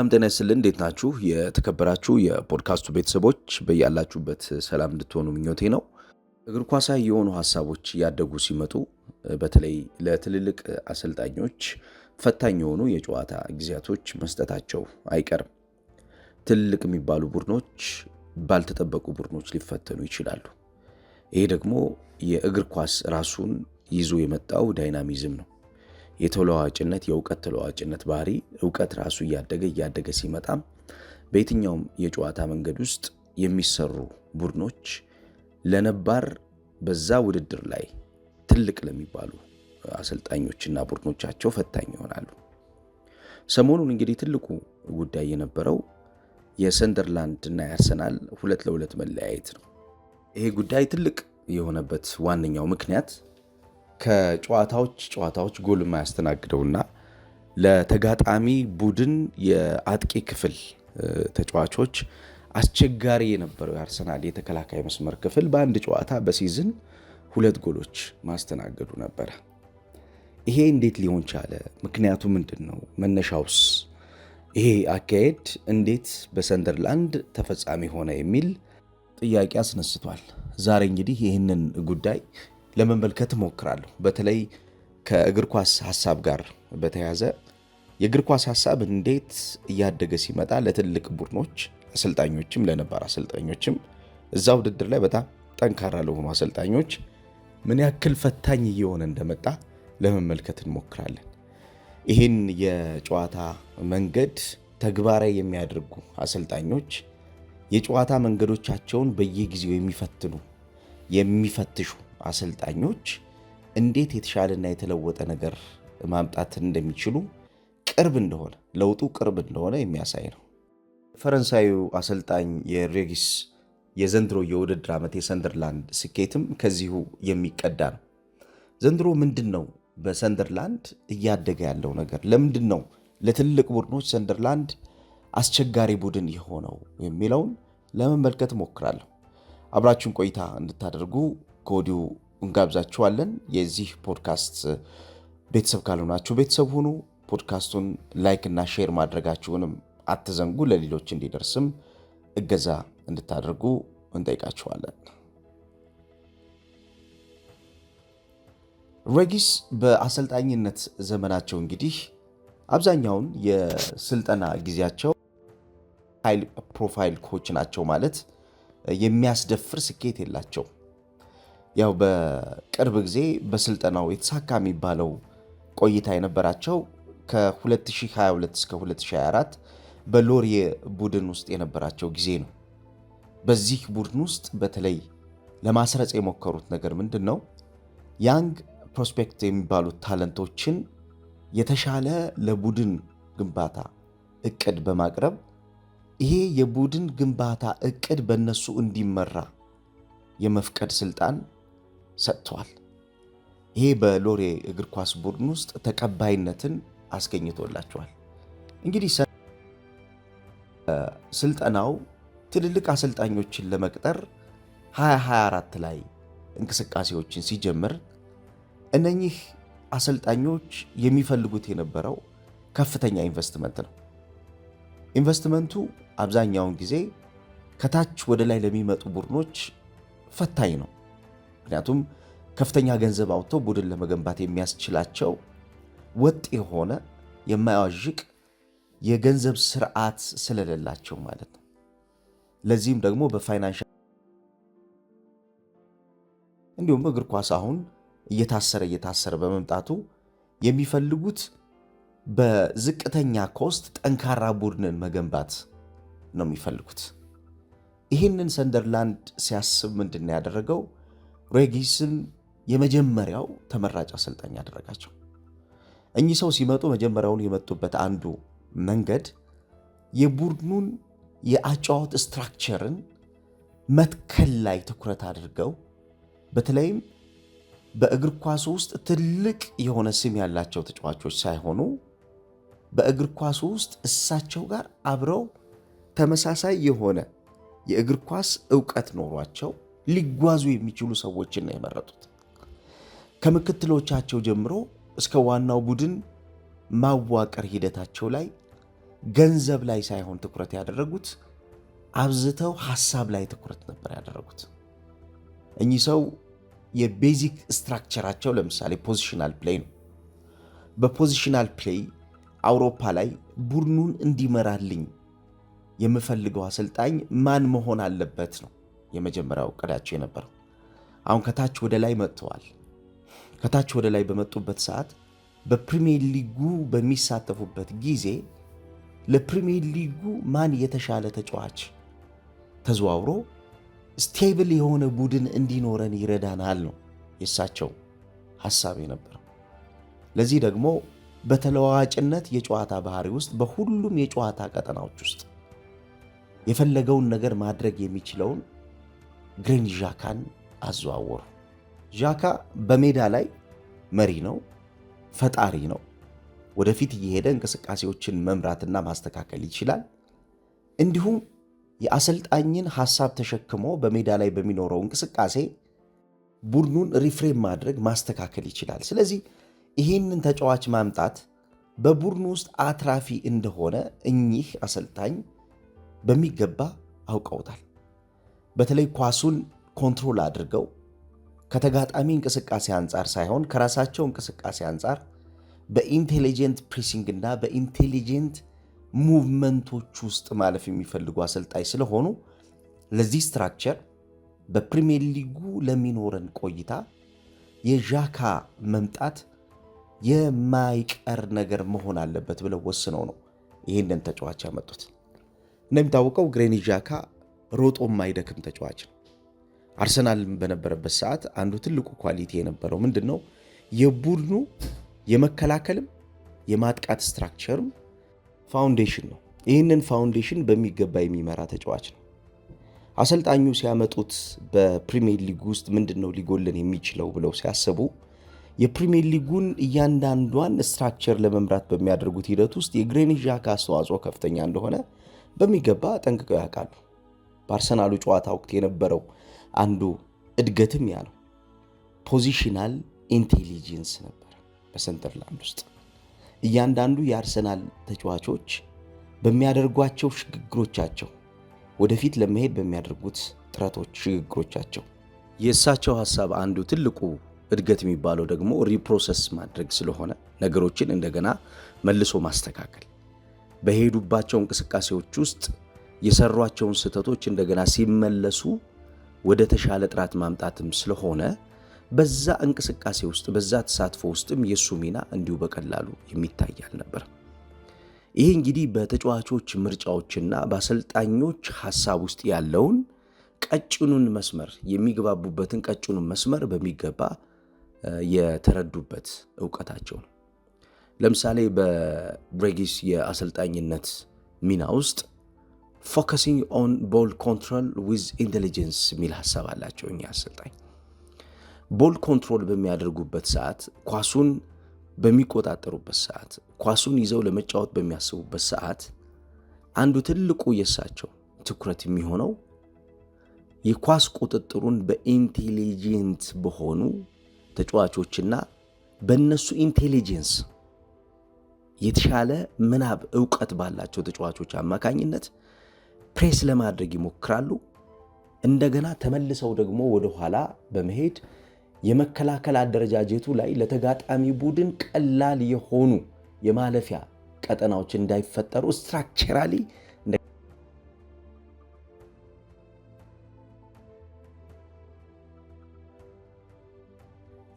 ሰላም ጤና ይስጥልን። እንዴት ናችሁ? የተከበራችሁ የፖድካስቱ ቤተሰቦች በያላችሁበት ሰላም እንድትሆኑ ምኞቴ ነው። እግር ኳሳዊ የሆኑ ሀሳቦች እያደጉ ሲመጡ በተለይ ለትልልቅ አሰልጣኞች ፈታኝ የሆኑ የጨዋታ ጊዜያቶች መስጠታቸው አይቀርም። ትልልቅ የሚባሉ ቡድኖች ባልተጠበቁ ቡድኖች ሊፈተኑ ይችላሉ። ይሄ ደግሞ የእግር ኳስ ራሱን ይዞ የመጣው ዳይናሚዝም ነው። የተለዋዋጭነት የእውቀት ተለዋዋጭነት ባህሪ እውቀት ራሱ እያደገ እያደገ ሲመጣም በየትኛውም የጨዋታ መንገድ ውስጥ የሚሰሩ ቡድኖች ለነባር በዛ ውድድር ላይ ትልቅ ለሚባሉ አሰልጣኞችና ቡድኖቻቸው ፈታኝ ይሆናሉ። ሰሞኑን እንግዲህ ትልቁ ጉዳይ የነበረው የሰንደርላንድ እና የአርሰናል ሁለት ለሁለት መለያየት ነው። ይሄ ጉዳይ ትልቅ የሆነበት ዋነኛው ምክንያት ከጨዋታዎች ጨዋታዎች ጎል የማያስተናግደውና ለተጋጣሚ ቡድን የአጥቂ ክፍል ተጫዋቾች አስቸጋሪ የነበረው የአርሰናል የተከላካይ መስመር ክፍል በአንድ ጨዋታ በሲዝን ሁለት ጎሎች ማስተናገዱ ነበረ። ይሄ እንዴት ሊሆን ቻለ? ምክንያቱ ምንድን ነው? መነሻውስ? ይሄ አካሄድ እንዴት በሰንደርላንድ ተፈጻሚ ሆነ የሚል ጥያቄ አስነስቷል። ዛሬ እንግዲህ ይህንን ጉዳይ ለመመልከት እሞክራለሁ። በተለይ ከእግር ኳስ ሀሳብ ጋር በተያያዘ የእግር ኳስ ሀሳብ እንዴት እያደገ ሲመጣ ለትልቅ ቡድኖች አሰልጣኞችም፣ ለነባር አሰልጣኞችም እዛ ውድድር ላይ በጣም ጠንካራ ለሆኑ አሰልጣኞች ምን ያክል ፈታኝ እየሆነ እንደመጣ ለመመልከት እንሞክራለን። ይህን የጨዋታ መንገድ ተግባራዊ የሚያደርጉ አሰልጣኞች የጨዋታ መንገዶቻቸውን በየጊዜው የሚፈትኑ የሚፈትሹ አሰልጣኞች እንዴት የተሻለና የተለወጠ ነገር ማምጣት እንደሚችሉ ቅርብ እንደሆነ ለውጡ ቅርብ እንደሆነ የሚያሳይ ነው። ፈረንሳዩ አሰልጣኝ የሬጊስ የዘንድሮ የውድድር ዓመት የሰንደርላንድ ስኬትም ከዚሁ የሚቀዳ ነው። ዘንድሮ ምንድን ነው በሰንደርላንድ እያደገ ያለው ነገር? ለምንድን ነው ለትልቅ ቡድኖች ሰንደርላንድ አስቸጋሪ ቡድን የሆነው የሚለውን ለመመልከት እሞክራለሁ። አብራችሁን ቆይታ እንድታደርጉ ከወዲሁ እንጋብዛችኋለን። የዚህ ፖድካስት ቤተሰብ ካልሆናችሁ ቤተሰብ ሁኑ። ፖድካስቱን ላይክ እና ሼር ማድረጋችሁንም አትዘንጉ። ለሌሎች እንዲደርስም እገዛ እንድታደርጉ እንጠይቃችኋለን። ሬጊስ በአሰልጣኝነት ዘመናቸው እንግዲህ አብዛኛውን የስልጠና ጊዜያቸው ሃይ ፕሮፋይል ኮች ናቸው። ማለት የሚያስደፍር ስኬት የላቸው ያው በቅርብ ጊዜ በስልጠናው የተሳካ የሚባለው ቆይታ የነበራቸው ከ2022 እስከ 2024 በሎሪየ ቡድን ውስጥ የነበራቸው ጊዜ ነው። በዚህ ቡድን ውስጥ በተለይ ለማስረጽ የሞከሩት ነገር ምንድን ነው? ያንግ ፕሮስፔክት የሚባሉት ታለንቶችን የተሻለ ለቡድን ግንባታ እቅድ በማቅረብ ይሄ የቡድን ግንባታ እቅድ በእነሱ እንዲመራ የመፍቀድ ስልጣን ሰጥቷል። ይሄ በሎሬ እግር ኳስ ቡድን ውስጥ ተቀባይነትን አስገኝቶላቸዋል። እንግዲህ ስልጠናው ትልልቅ አሰልጣኞችን ለመቅጠር 2024 ላይ እንቅስቃሴዎችን ሲጀምር እነኚህ አሰልጣኞች የሚፈልጉት የነበረው ከፍተኛ ኢንቨስትመንት ነው። ኢንቨስትመንቱ አብዛኛውን ጊዜ ከታች ወደ ላይ ለሚመጡ ቡድኖች ፈታኝ ነው። ምክንያቱም ከፍተኛ ገንዘብ አውጥተው ቡድን ለመገንባት የሚያስችላቸው ወጥ የሆነ የማያዋዥቅ የገንዘብ ስርዓት ስለሌላቸው ማለት ነው። ለዚህም ደግሞ በፋይናንሻል እንዲሁም እግር ኳስ አሁን እየታሰረ እየታሰረ በመምጣቱ የሚፈልጉት በዝቅተኛ ኮስት ጠንካራ ቡድንን መገንባት ነው የሚፈልጉት። ይህንን ሰንደርላንድ ሲያስብ ምንድን ነው ያደረገው? ሬጊስን የመጀመሪያው ተመራጭ አሰልጣኝ ያደረጋቸው። እኚህ ሰው ሲመጡ መጀመሪያውን የመጡበት አንዱ መንገድ የቡድኑን የአጨዋወት ስትራክቸርን መትከል ላይ ትኩረት አድርገው በተለይም በእግር ኳሱ ውስጥ ትልቅ የሆነ ስም ያላቸው ተጫዋቾች ሳይሆኑ በእግር ኳሱ ውስጥ እሳቸው ጋር አብረው ተመሳሳይ የሆነ የእግር ኳስ እውቀት ኖሯቸው ሊጓዙ የሚችሉ ሰዎችን ነው የመረጡት። ከምክትሎቻቸው ጀምሮ እስከ ዋናው ቡድን ማዋቀር ሂደታቸው ላይ ገንዘብ ላይ ሳይሆን ትኩረት ያደረጉት አብዝተው ሀሳብ ላይ ትኩረት ነበር ያደረጉት። እኚህ ሰው የቤዚክ ስትራክቸራቸው ለምሳሌ ፖዚሽናል ፕሌይ ነው። በፖዚሽናል ፕሌይ አውሮፓ ላይ ቡድኑን እንዲመራልኝ የምፈልገው አሰልጣኝ ማን መሆን አለበት ነው። የመጀመሪያው እቅዳቸው የነበረው። አሁን ከታች ወደ ላይ መጥተዋል። ከታች ወደ ላይ በመጡበት ሰዓት በፕሪሚየር ሊጉ በሚሳተፉበት ጊዜ ለፕሪሚየር ሊጉ ማን የተሻለ ተጫዋች ተዘዋውሮ ስቴብል የሆነ ቡድን እንዲኖረን ይረዳናል ነው የእሳቸው ሐሳብ የነበረው። ለዚህ ደግሞ በተለዋዋጭነት የጨዋታ ባህሪ ውስጥ በሁሉም የጨዋታ ቀጠናዎች ውስጥ የፈለገውን ነገር ማድረግ የሚችለውን ግሬኒ ዣካን አዘዋወሩ። ዣካ በሜዳ ላይ መሪ ነው፣ ፈጣሪ ነው። ወደፊት እየሄደ እንቅስቃሴዎችን መምራትና ማስተካከል ይችላል። እንዲሁም የአሰልጣኝን ሐሳብ ተሸክሞ በሜዳ ላይ በሚኖረው እንቅስቃሴ ቡድኑን ሪፍሬም ማድረግ ማስተካከል ይችላል። ስለዚህ ይህንን ተጫዋች ማምጣት በቡድኑ ውስጥ አትራፊ እንደሆነ እኚህ አሰልጣኝ በሚገባ አውቀውታል። በተለይ ኳሱን ኮንትሮል አድርገው ከተጋጣሚ እንቅስቃሴ አንጻር ሳይሆን ከራሳቸው እንቅስቃሴ አንጻር በኢንቴሊጀንት ፕሬሲንግ እና በኢንቴሊጀንት ሙቭመንቶች ውስጥ ማለፍ የሚፈልጉ አሰልጣኝ ስለሆኑ ለዚህ ስትራክቸር በፕሪሚየር ሊጉ ለሚኖረን ቆይታ የዣካ መምጣት የማይቀር ነገር መሆን አለበት ብለው ወስነው ነው ይህንን ተጫዋች ያመጡት። እንደሚታወቀው ግሬኒ ዣካ ሮጦ የማይደክም ተጫዋች ነው። አርሰናል በነበረበት ሰዓት አንዱ ትልቁ ኳሊቲ የነበረው ምንድን ነው? የቡድኑ የመከላከልም የማጥቃት ስትራክቸርም ፋውንዴሽን ነው። ይህንን ፋውንዴሽን በሚገባ የሚመራ ተጫዋች ነው። አሰልጣኙ ሲያመጡት በፕሪሚየር ሊግ ውስጥ ምንድን ነው ሊጎልን የሚችለው ብለው ሲያስቡ የፕሪሚየር ሊጉን እያንዳንዷን ስትራክቸር ለመምራት በሚያደርጉት ሂደት ውስጥ የግሬኒት ዣካ አስተዋጽኦ ከፍተኛ እንደሆነ በሚገባ ጠንቅቀው ያውቃሉ። በአርሰናሉ ጨዋታ ወቅት የነበረው አንዱ እድገትም ያ ነው። ፖዚሽናል ኢንቴሊጀንስ ነበር በሰንደርላንድ ውስጥ እያንዳንዱ የአርሰናል ተጫዋቾች በሚያደርጓቸው ሽግግሮቻቸው ወደፊት ለመሄድ በሚያደርጉት ጥረቶች ሽግግሮቻቸው የእሳቸው ሀሳብ አንዱ ትልቁ እድገት የሚባለው ደግሞ ሪፕሮሰስ ማድረግ ስለሆነ ነገሮችን እንደገና መልሶ ማስተካከል በሄዱባቸው እንቅስቃሴዎች ውስጥ የሰሯቸውን ስህተቶች እንደገና ሲመለሱ ወደ ተሻለ ጥራት ማምጣትም ስለሆነ በዛ እንቅስቃሴ ውስጥ በዛ ተሳትፎ ውስጥም የእሱ ሚና እንዲሁ በቀላሉ የሚታይ አልነበረም። ይሄ እንግዲህ በተጫዋቾች ምርጫዎችና በአሰልጣኞች ሀሳብ ውስጥ ያለውን ቀጭኑን መስመር የሚገባቡበትን ቀጭኑን መስመር በሚገባ የተረዱበት እውቀታቸው ነው። ለምሳሌ በብሬጊስ የአሰልጣኝነት ሚና ውስጥ ፎከሲንግ ኦን ቦል ኮንትሮል ዊዝ ኢንቴሊጀንስ የሚል ሀሳብ አላቸው። እኛ አሰልጣኝ ቦል ኮንትሮል በሚያደርጉበት ሰዓት፣ ኳሱን በሚቆጣጠሩበት ሰዓት፣ ኳሱን ይዘው ለመጫወት በሚያስቡበት ሰዓት አንዱ ትልቁ የእሳቸው ትኩረት የሚሆነው የኳስ ቁጥጥሩን በኢንቴሊጀንት በሆኑ ተጫዋቾችና በእነሱ ኢንቴሊጀንስ የተሻለ ምናብ እውቀት ባላቸው ተጫዋቾች አማካኝነት ፕሬስ ለማድረግ ይሞክራሉ። እንደገና ተመልሰው ደግሞ ወደኋላ በመሄድ የመከላከል አደረጃጀቱ ላይ ለተጋጣሚ ቡድን ቀላል የሆኑ የማለፊያ ቀጠናዎች እንዳይፈጠሩ ስትራክቸራሊ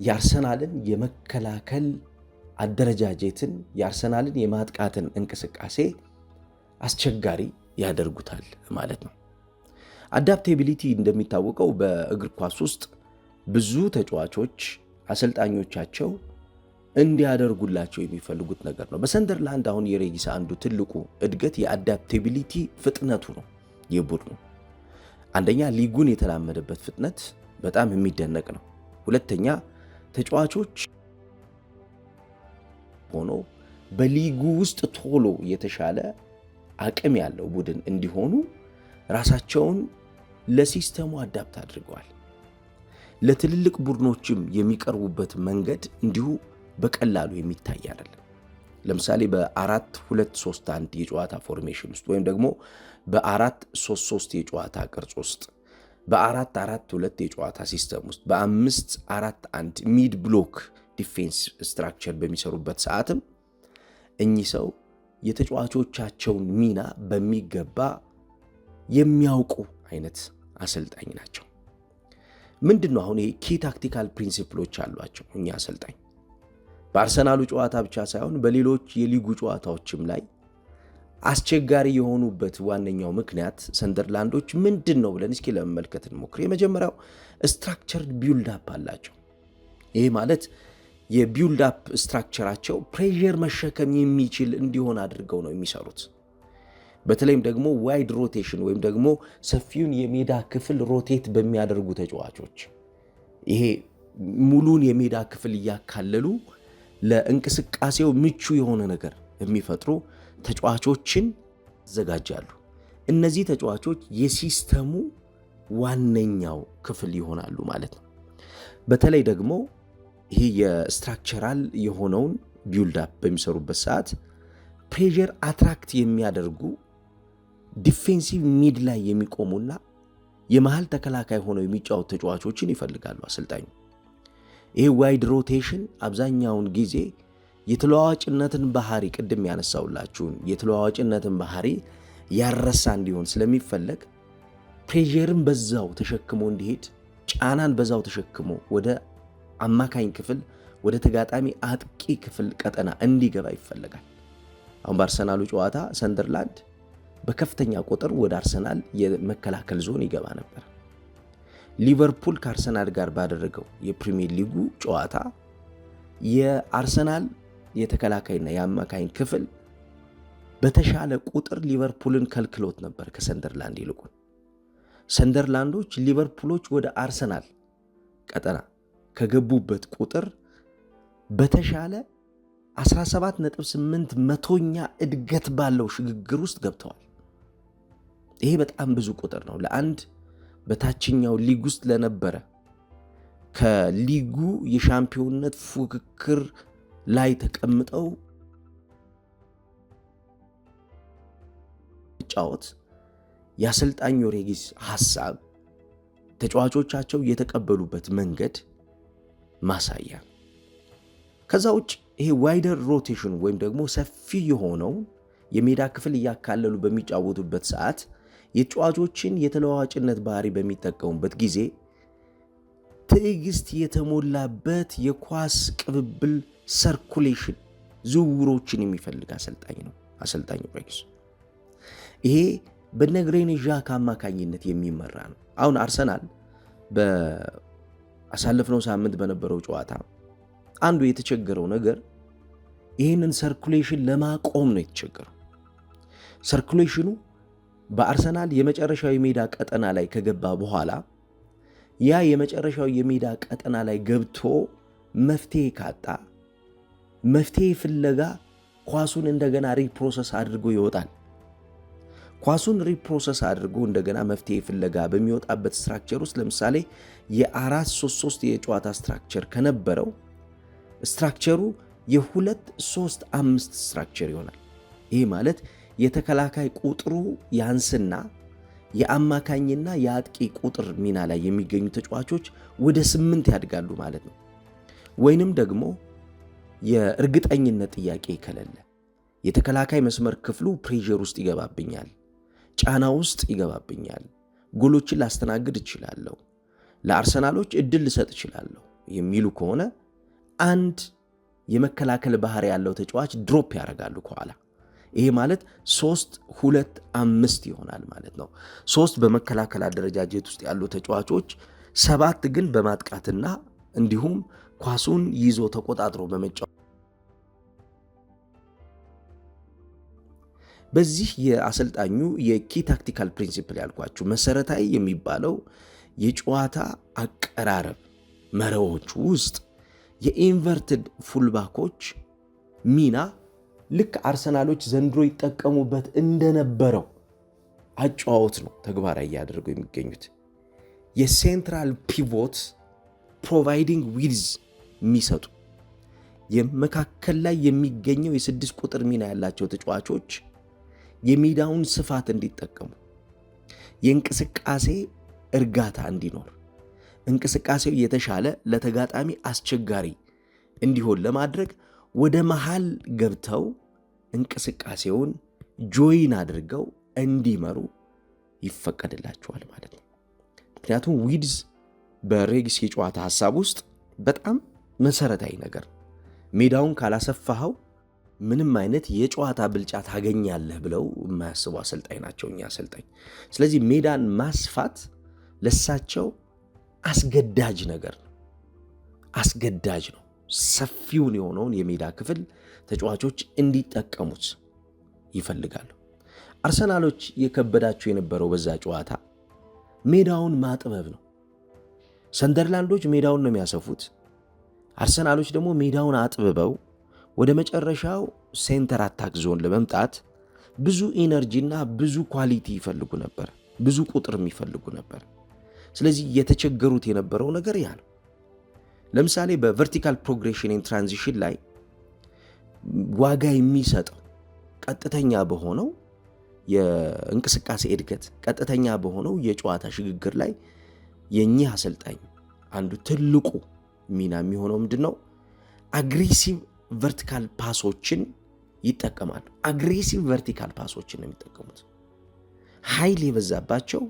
የአርሰናልን የመከላከል አደረጃጀትን የአርሰናልን የማጥቃትን እንቅስቃሴ አስቸጋሪ ያደርጉታል ማለት ነው። አዳፕቴቢሊቲ እንደሚታወቀው በእግር ኳስ ውስጥ ብዙ ተጫዋቾች አሰልጣኞቻቸው እንዲያደርጉላቸው የሚፈልጉት ነገር ነው። በሰንደርላንድ አሁን የሬጊሳ አንዱ ትልቁ እድገት የአዳፕቴቢሊቲ ፍጥነቱ ነው። የቡድኑ አንደኛ ሊጉን የተላመደበት ፍጥነት በጣም የሚደነቅ ነው። ሁለተኛ ተጫዋቾች ሆኖ በሊጉ ውስጥ ቶሎ የተሻለ አቅም ያለው ቡድን እንዲሆኑ ራሳቸውን ለሲስተሙ አዳፕት አድርገዋል። ለትልልቅ ቡድኖችም የሚቀርቡበት መንገድ እንዲሁ በቀላሉ የሚታይ አይደለም። ለምሳሌ በአራት ሁለት ሶስት አንድ የጨዋታ ፎርሜሽን ውስጥ ወይም ደግሞ በአራት ሶስት ሶስት የጨዋታ ቅርጽ ውስጥ በአራት አራት ሁለት የጨዋታ ሲስተም ውስጥ በአምስት አራት አንድ ሚድ ብሎክ ዲፌንስ ስትራክቸር በሚሰሩበት ሰዓትም እኚህ ሰው የተጫዋቾቻቸውን ሚና በሚገባ የሚያውቁ አይነት አሰልጣኝ ናቸው። ምንድን ነው አሁን ይሄ ኪ ታክቲካል ፕሪንሲፕሎች አሏቸው። እኛ አሰልጣኝ በአርሰናሉ ጨዋታ ብቻ ሳይሆን በሌሎች የሊጉ ጨዋታዎችም ላይ አስቸጋሪ የሆኑበት ዋነኛው ምክንያት ሰንደርላንዶች ምንድን ነው ብለን እስኪ ለመመልከት እንሞክር። የመጀመሪያው ስትራክቸርድ ቢውልድ አፕ አላቸው። ይህ ማለት አፕ ስትራክቸራቸው ፕሬዠር መሸከም የሚችል እንዲሆን አድርገው ነው የሚሰሩት። በተለይም ደግሞ ዋይድ ሮቴሽን ወይም ደግሞ ሰፊውን የሜዳ ክፍል ሮቴት በሚያደርጉ ተጫዋቾች ይሄ ሙሉን የሜዳ ክፍል እያካለሉ ለእንቅስቃሴው ምቹ የሆነ ነገር የሚፈጥሩ ተጫዋቾችን ይዘጋጃሉ። እነዚህ ተጫዋቾች የሲስተሙ ዋነኛው ክፍል ይሆናሉ ማለት ነው። በተለይ ደግሞ ይህ የስትራክቸራል የሆነውን ቢውልዳፕ በሚሰሩበት ሰዓት ፕሬዠር አትራክት የሚያደርጉ ዲፌንሲቭ ሚድ ላይ የሚቆሙና የመሀል ተከላካይ ሆነው የሚጫወቱ ተጫዋቾችን ይፈልጋሉ አሰልጣኙ። ይህ ዋይድ ሮቴሽን አብዛኛውን ጊዜ የተለዋዋጭነትን ባህሪ ቅድም ያነሳውላችሁን የተለዋዋጭነትን ባህሪ ያረሳ እንዲሆን ስለሚፈለግ ፕሬዠርን በዛው ተሸክሞ እንዲሄድ ጫናን በዛው ተሸክሞ ወደ አማካኝ ክፍል ወደ ተጋጣሚ አጥቂ ክፍል ቀጠና እንዲገባ ይፈለጋል። አሁን በአርሰናሉ ጨዋታ ሰንደርላንድ በከፍተኛ ቁጥር ወደ አርሰናል የመከላከል ዞን ይገባ ነበር። ሊቨርፑል ከአርሰናል ጋር ባደረገው የፕሪሚየር ሊጉ ጨዋታ የአርሰናል የተከላካይና የአማካኝ ክፍል በተሻለ ቁጥር ሊቨርፑልን ከልክሎት ነበር። ከሰንደርላንድ ይልቁን ሰንደርላንዶች ሊቨርፑሎች ወደ አርሰናል ቀጠና ከገቡበት ቁጥር በተሻለ 17.8 መቶኛ እድገት ባለው ሽግግር ውስጥ ገብተዋል። ይሄ በጣም ብዙ ቁጥር ነው ለአንድ በታችኛው ሊግ ውስጥ ለነበረ ከሊጉ የሻምፒዮንነት ፉክክር ላይ ተቀምጠው ጫወት የአሰልጣኝ ዮሬጊስ ሀሳብ ተጫዋቾቻቸው የተቀበሉበት መንገድ ማሳያ። ከዛ ውጭ ይሄ ዋይደር ሮቴሽን ወይም ደግሞ ሰፊ የሆነው የሜዳ ክፍል እያካለሉ በሚጫወቱበት ሰዓት የተጫዋቾችን የተለዋዋጭነት ባህሪ በሚጠቀሙበት ጊዜ ትዕግስት የተሞላበት የኳስ ቅብብል ሰርኩሌሽን ዝውውሮችን የሚፈልግ አሰልጣኝ ነው አሰልጣኝ ሬግስ። ይሄ በነግሬን ዣካ አማካኝነት የሚመራ ነው። አሁን አርሰናል አሳለፍነው ሳምንት በነበረው ጨዋታ አንዱ የተቸገረው ነገር ይህንን ሰርኩሌሽን ለማቆም ነው የተቸገረው። ሰርኩሌሽኑ በአርሰናል የመጨረሻው የሜዳ ቀጠና ላይ ከገባ በኋላ ያ የመጨረሻው የሜዳ ቀጠና ላይ ገብቶ መፍትሄ ካጣ መፍትሄ ፍለጋ ኳሱን እንደገና ሪፕሮሰስ አድርጎ ይወጣል። ኳሱን ሪፕሮሰስ አድርጎ እንደገና መፍትሄ ፍለጋ በሚወጣበት ስትራክቸር ውስጥ ለምሳሌ የአራት 433 የጨዋታ ስትራክቸር ከነበረው ስትራክቸሩ የ ሶስት አምስት ስትራክቸር ይሆናል። ይህ ማለት የተከላካይ ቁጥሩ ያንስና የአማካኝና የአጥቂ ቁጥር ሚና ላይ የሚገኙ ተጫዋቾች ወደ ስምንት ያድጋሉ ማለት ነው። ወይንም ደግሞ የእርግጠኝነት ጥያቄ ከሌለ የተከላካይ መስመር ክፍሉ ፕሬዠር ውስጥ ይገባብኛል ጫና ውስጥ ይገባብኛል። ጎሎችን ላስተናግድ እችላለሁ፣ ለአርሰናሎች እድል ልሰጥ እችላለሁ የሚሉ ከሆነ አንድ የመከላከል ባህሪ ያለው ተጫዋች ድሮፕ ያደርጋሉ ከኋላ። ይሄ ማለት ሶስት ሁለት አምስት ይሆናል ማለት ነው። ሶስት በመከላከል አደረጃጀት ውስጥ ያሉ ተጫዋቾች፣ ሰባት ግን በማጥቃትና እንዲሁም ኳሱን ይዞ ተቆጣጥሮ በመጫወት በዚህ የአሰልጣኙ የኪ ታክቲካል ፕሪንሲፕል ያልኳችሁ መሰረታዊ የሚባለው የጨዋታ አቀራረብ መረቦች ውስጥ የኢንቨርትድ ፉልባኮች ሚና ልክ አርሰናሎች ዘንድሮ ይጠቀሙበት እንደነበረው አጨዋወት ነው ተግባራዊ እያደረጉ የሚገኙት። የሴንትራል ፒቮት ፕሮቫይዲንግ ዊድዝ የሚሰጡ የመካከል ላይ የሚገኘው የስድስት ቁጥር ሚና ያላቸው ተጫዋቾች የሜዳውን ስፋት እንዲጠቀሙ፣ የእንቅስቃሴ እርጋታ እንዲኖር፣ እንቅስቃሴው የተሻለ ለተጋጣሚ አስቸጋሪ እንዲሆን ለማድረግ ወደ መሃል ገብተው እንቅስቃሴውን ጆይን አድርገው እንዲመሩ ይፈቀድላቸዋል ማለት ነው። ምክንያቱም ዊድዝ በሬግስ የጨዋታ ሀሳብ ውስጥ በጣም መሰረታዊ ነገር ሜዳውን ካላሰፋኸው ምንም አይነት የጨዋታ ብልጫ ታገኛለህ ብለው የማያስቡ አሰልጣኝ ናቸው እኛ አሰልጣኝ። ስለዚህ ሜዳን ማስፋት ለሳቸው አስገዳጅ ነገር ነው፣ አስገዳጅ ነው። ሰፊውን የሆነውን የሜዳ ክፍል ተጫዋቾች እንዲጠቀሙት ይፈልጋሉ። አርሰናሎች የከበዳቸው የነበረው በዛ ጨዋታ ሜዳውን ማጥበብ ነው። ሰንደርላንዶች ሜዳውን ነው የሚያሰፉት፣ አርሰናሎች ደግሞ ሜዳውን አጥብበው ወደ መጨረሻው ሴንተር አታክ ዞን ለመምጣት ብዙ ኢነርጂና ብዙ ኳሊቲ ይፈልጉ ነበር፣ ብዙ ቁጥር የሚፈልጉ ነበር። ስለዚህ የተቸገሩት የነበረው ነገር ያ ነው። ለምሳሌ በቨርቲካል ፕሮግሬሽን ትራንዚሽን ላይ ዋጋ የሚሰጠው ቀጥተኛ በሆነው የእንቅስቃሴ እድገት፣ ቀጥተኛ በሆነው የጨዋታ ሽግግር ላይ የኚህ አሰልጣኝ አንዱ ትልቁ ሚና የሚሆነው ምንድን ነው? አግሬሲቭ ቨርቲካል ፓሶችን ይጠቀማሉ። አግሬሲቭ ቨርቲካል ፓሶችን ነው የሚጠቀሙት። ኃይል የበዛባቸው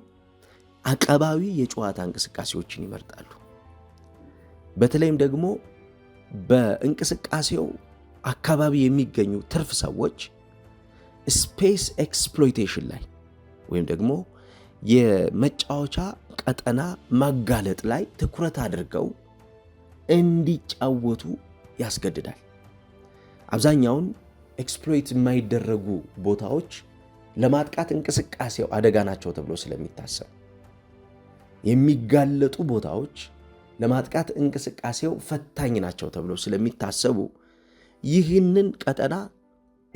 አቀባዊ የጨዋታ እንቅስቃሴዎችን ይመርጣሉ። በተለይም ደግሞ በእንቅስቃሴው አካባቢ የሚገኙ ትርፍ ሰዎች ስፔስ ኤክስፕሎይቴሽን ላይ ወይም ደግሞ የመጫወቻ ቀጠና ማጋለጥ ላይ ትኩረት አድርገው እንዲጫወቱ ያስገድዳል። አብዛኛውን ኤክስፕሎይት የማይደረጉ ቦታዎች ለማጥቃት እንቅስቃሴው አደጋ ናቸው ተብሎ ስለሚታሰብ የሚጋለጡ ቦታዎች ለማጥቃት እንቅስቃሴው ፈታኝ ናቸው ተብሎ ስለሚታሰቡ ይህንን ቀጠና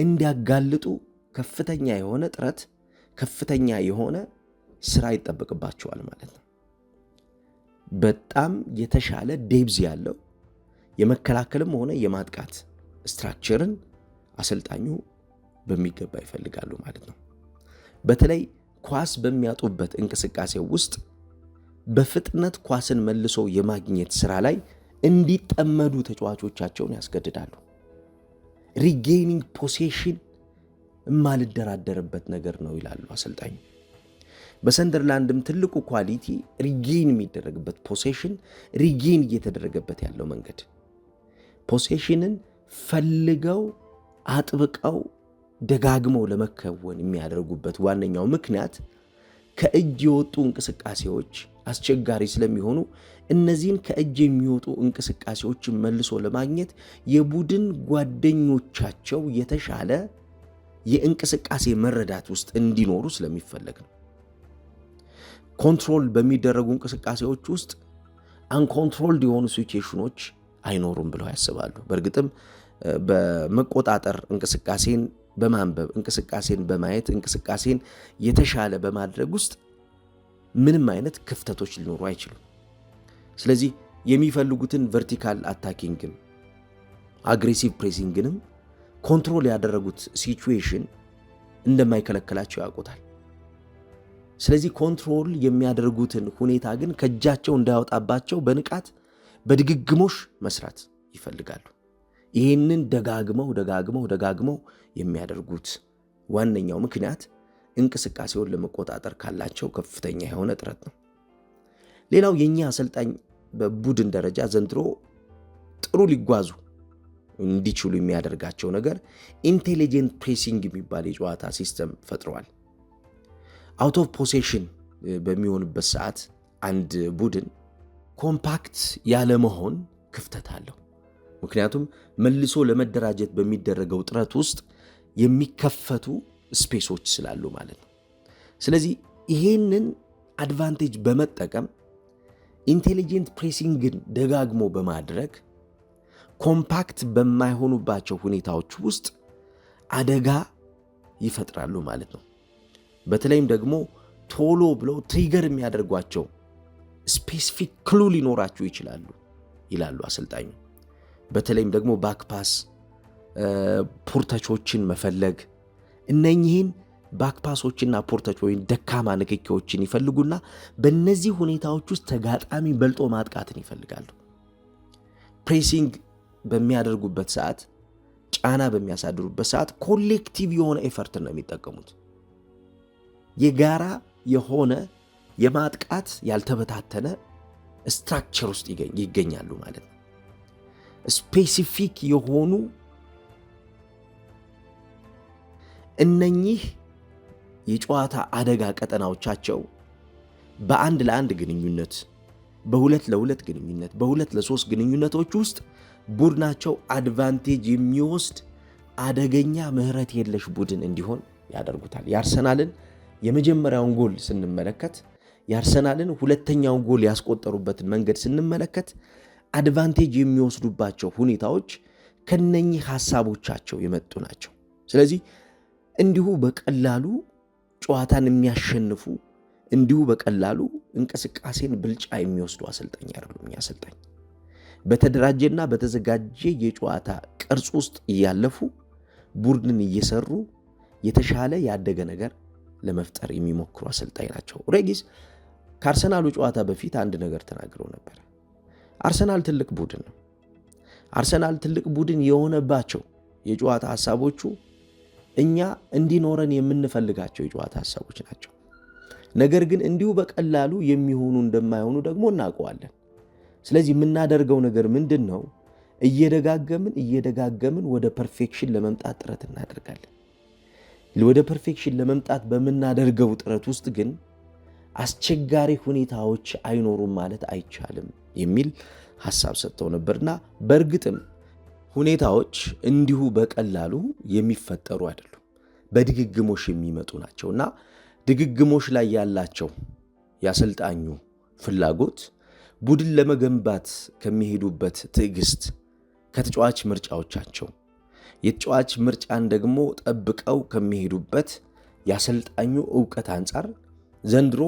እንዲያጋልጡ ከፍተኛ የሆነ ጥረት፣ ከፍተኛ የሆነ ስራ ይጠበቅባቸዋል ማለት ነው። በጣም የተሻለ ዴብዝ ያለው የመከላከልም ሆነ የማጥቃት ስትራክቸርን አሰልጣኙ በሚገባ ይፈልጋሉ ማለት ነው። በተለይ ኳስ በሚያጡበት እንቅስቃሴ ውስጥ በፍጥነት ኳስን መልሶ የማግኘት ስራ ላይ እንዲጠመዱ ተጫዋቾቻቸውን ያስገድዳሉ። ሪጌኒንግ ፖሴሽን የማልደራደርበት ነገር ነው ይላሉ አሰልጣኙ። በሰንደርላንድም ትልቁ ኳሊቲ ሪጌን የሚደረግበት ፖሴሽን፣ ሪጌን እየተደረገበት ያለው መንገድ ፖሴሽንን ፈልገው አጥብቀው ደጋግመው ለመከወን የሚያደርጉበት ዋነኛው ምክንያት ከእጅ የወጡ እንቅስቃሴዎች አስቸጋሪ ስለሚሆኑ እነዚህን ከእጅ የሚወጡ እንቅስቃሴዎችን መልሶ ለማግኘት የቡድን ጓደኞቻቸው የተሻለ የእንቅስቃሴ መረዳት ውስጥ እንዲኖሩ ስለሚፈለግ ነው። ኮንትሮል በሚደረጉ እንቅስቃሴዎች ውስጥ አንኮንትሮልድ የሆኑ ሲቹዌሽኖች አይኖሩም ብለው ያስባሉ። በእርግጥም በመቆጣጠር እንቅስቃሴን በማንበብ እንቅስቃሴን በማየት እንቅስቃሴን የተሻለ በማድረግ ውስጥ ምንም አይነት ክፍተቶች ሊኖሩ አይችሉም። ስለዚህ የሚፈልጉትን ቨርቲካል አታኪንግን አግሬሲቭ ፕሬሲንግንም ኮንትሮል ያደረጉት ሲቹዌሽን እንደማይከለከላቸው ያውቁታል። ስለዚህ ኮንትሮል የሚያደርጉትን ሁኔታ ግን ከእጃቸው እንዳያወጣባቸው በንቃት በድግግሞሽ መስራት ይፈልጋሉ። ይህንን ደጋግመው ደጋግመው ደጋግመው የሚያደርጉት ዋነኛው ምክንያት እንቅስቃሴውን ለመቆጣጠር ካላቸው ከፍተኛ የሆነ ጥረት ነው። ሌላው የእኛ አሰልጣኝ በቡድን ደረጃ ዘንድሮ ጥሩ ሊጓዙ እንዲችሉ የሚያደርጋቸው ነገር ኢንቴሊጀንት ፕሬሲንግ የሚባል የጨዋታ ሲስተም ፈጥረዋል። አውት ኦፍ ፖሴሽን በሚሆንበት ሰዓት አንድ ቡድን ኮምፓክት ያለመሆን ክፍተት አለው። ምክንያቱም መልሶ ለመደራጀት በሚደረገው ጥረት ውስጥ የሚከፈቱ ስፔሶች ስላሉ ማለት ነው። ስለዚህ ይሄንን አድቫንቴጅ በመጠቀም ኢንቴሊጀንት ፕሬሲንግን ደጋግሞ በማድረግ ኮምፓክት በማይሆኑባቸው ሁኔታዎች ውስጥ አደጋ ይፈጥራሉ ማለት ነው። በተለይም ደግሞ ቶሎ ብለው ትሪገር የሚያደርጓቸው ስፔሲፊክ ክሉ ሊኖራቸው ይችላሉ ይላሉ አሰልጣኙ። በተለይም ደግሞ ባክፓስ ፖርተቾችን መፈለግ እነኚህን ባክፓሶችና ፖርተች ወይም ደካማ ንክኪዎችን ይፈልጉና በእነዚህ ሁኔታዎች ውስጥ ተጋጣሚ በልጦ ማጥቃትን ይፈልጋሉ። ፕሬሲንግ በሚያደርጉበት ሰዓት፣ ጫና በሚያሳድሩበት ሰዓት ኮሌክቲቭ የሆነ ኤፈርትን ነው የሚጠቀሙት የጋራ የሆነ የማጥቃት ያልተበታተነ ስትራክቸር ውስጥ ይገኛሉ ማለት ነው። ስፔሲፊክ የሆኑ እነኚህ የጨዋታ አደጋ ቀጠናዎቻቸው በአንድ ለአንድ ግንኙነት፣ በሁለት ለሁለት ግንኙነት፣ በሁለት ለሶስት ግንኙነቶች ውስጥ ቡድናቸው አድቫንቴጅ የሚወስድ አደገኛ ምህረት የለሽ ቡድን እንዲሆን ያደርጉታል። የአርሰናልን የመጀመሪያውን ጎል ስንመለከት የአርሰናልን ሁለተኛውን ጎል ያስቆጠሩበትን መንገድ ስንመለከት አድቫንቴጅ የሚወስዱባቸው ሁኔታዎች ከነኚህ ሀሳቦቻቸው የመጡ ናቸው። ስለዚህ እንዲሁ በቀላሉ ጨዋታን የሚያሸንፉ እንዲሁ በቀላሉ እንቅስቃሴን ብልጫ የሚወስዱ አሰልጣኝ አይደሉም። አሰልጣኝ በተደራጀና በተዘጋጀ የጨዋታ ቅርጽ ውስጥ እያለፉ ቡድንን እየሰሩ የተሻለ ያደገ ነገር ለመፍጠር የሚሞክሩ አሰልጣኝ ናቸው። ሬጊስ ከአርሰናሉ ጨዋታ በፊት አንድ ነገር ተናግረው ነበር። አርሰናል ትልቅ ቡድን ነው። አርሰናል ትልቅ ቡድን የሆነባቸው የጨዋታ ሀሳቦቹ እኛ እንዲኖረን የምንፈልጋቸው የጨዋታ ሀሳቦች ናቸው። ነገር ግን እንዲሁ በቀላሉ የሚሆኑ እንደማይሆኑ ደግሞ እናውቀዋለን። ስለዚህ የምናደርገው ነገር ምንድን ነው? እየደጋገምን እየደጋገምን ወደ ፐርፌክሽን ለመምጣት ጥረት እናደርጋለን። ወደ ፐርፌክሽን ለመምጣት በምናደርገው ጥረት ውስጥ ግን አስቸጋሪ ሁኔታዎች አይኖሩም ማለት አይቻልም የሚል ሀሳብ ሰጥተው ነበርና በእርግጥም ሁኔታዎች እንዲሁ በቀላሉ የሚፈጠሩ አይደሉም። በድግግሞሽ የሚመጡ ናቸው እና ድግግሞሽ ላይ ያላቸው የአሰልጣኙ ፍላጎት ቡድን ለመገንባት ከሚሄዱበት ትዕግስት፣ ከተጫዋች ምርጫዎቻቸው የተጫዋች ምርጫን ደግሞ ጠብቀው ከሚሄዱበት የአሰልጣኙ እውቀት አንጻር ዘንድሮ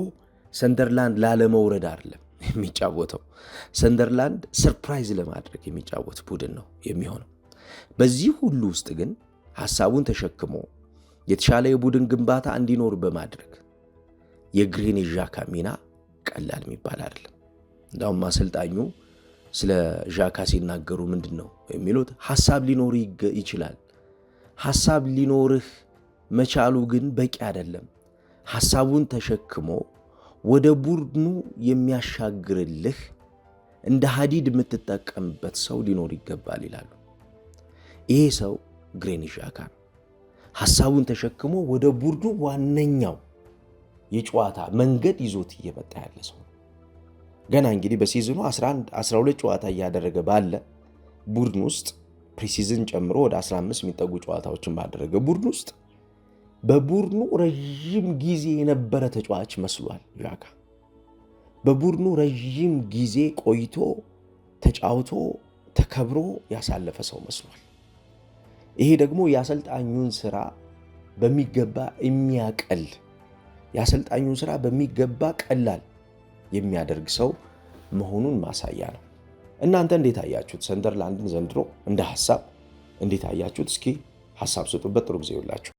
ሰንደርላንድ ላለመውረድ አይደለም የሚጫወተው። ሰንደርላንድ ሰርፕራይዝ ለማድረግ የሚጫወት ቡድን ነው የሚሆነው። በዚህ ሁሉ ውስጥ ግን ሐሳቡን ተሸክሞ የተሻለ የቡድን ግንባታ እንዲኖር በማድረግ የግሬኔ ዣካ ሚና ቀላል የሚባል አይደለም። እንዳውም አሰልጣኙ ስለ ዣካ ሲናገሩ ምንድን ነው የሚሉት? ሐሳብ ሊኖር ይችላል። ሐሳብ ሊኖርህ መቻሉ ግን በቂ አይደለም። ሐሳቡን ተሸክሞ ወደ ቡድኑ የሚያሻግርልህ እንደ ሀዲድ የምትጠቀምበት ሰው ሊኖር ይገባል ይላሉ። ይሄ ሰው ግሬን ዣካ ነው። ሀሳቡን ተሸክሞ ወደ ቡድኑ ዋነኛው የጨዋታ መንገድ ይዞት እየመጣ ያለ ሰው ገና እንግዲህ በሲዝኑ 11 12 ጨዋታ እያደረገ ባለ ቡድን ውስጥ ፕሪሲዝን ጨምሮ ወደ 15 የሚጠጉ ጨዋታዎችን ባደረገ ቡድን ውስጥ በቡድኑ ረዥም ጊዜ የነበረ ተጫዋች መስሏል። ዣካ በቡድኑ ረዥም ጊዜ ቆይቶ ተጫውቶ ተከብሮ ያሳለፈ ሰው መስሏል። ይሄ ደግሞ የአሰልጣኙን ስራ በሚገባ የሚያቀል የአሰልጣኙን ስራ በሚገባ ቀላል የሚያደርግ ሰው መሆኑን ማሳያ ነው። እናንተ እንዴት አያችሁት? ሰንደርላንድን ዘንድሮ እንደ ሀሳብ እንዴት አያችሁት? እስኪ ሀሳብ ስጡበት። ጥሩ ጊዜ ይውላችሁ።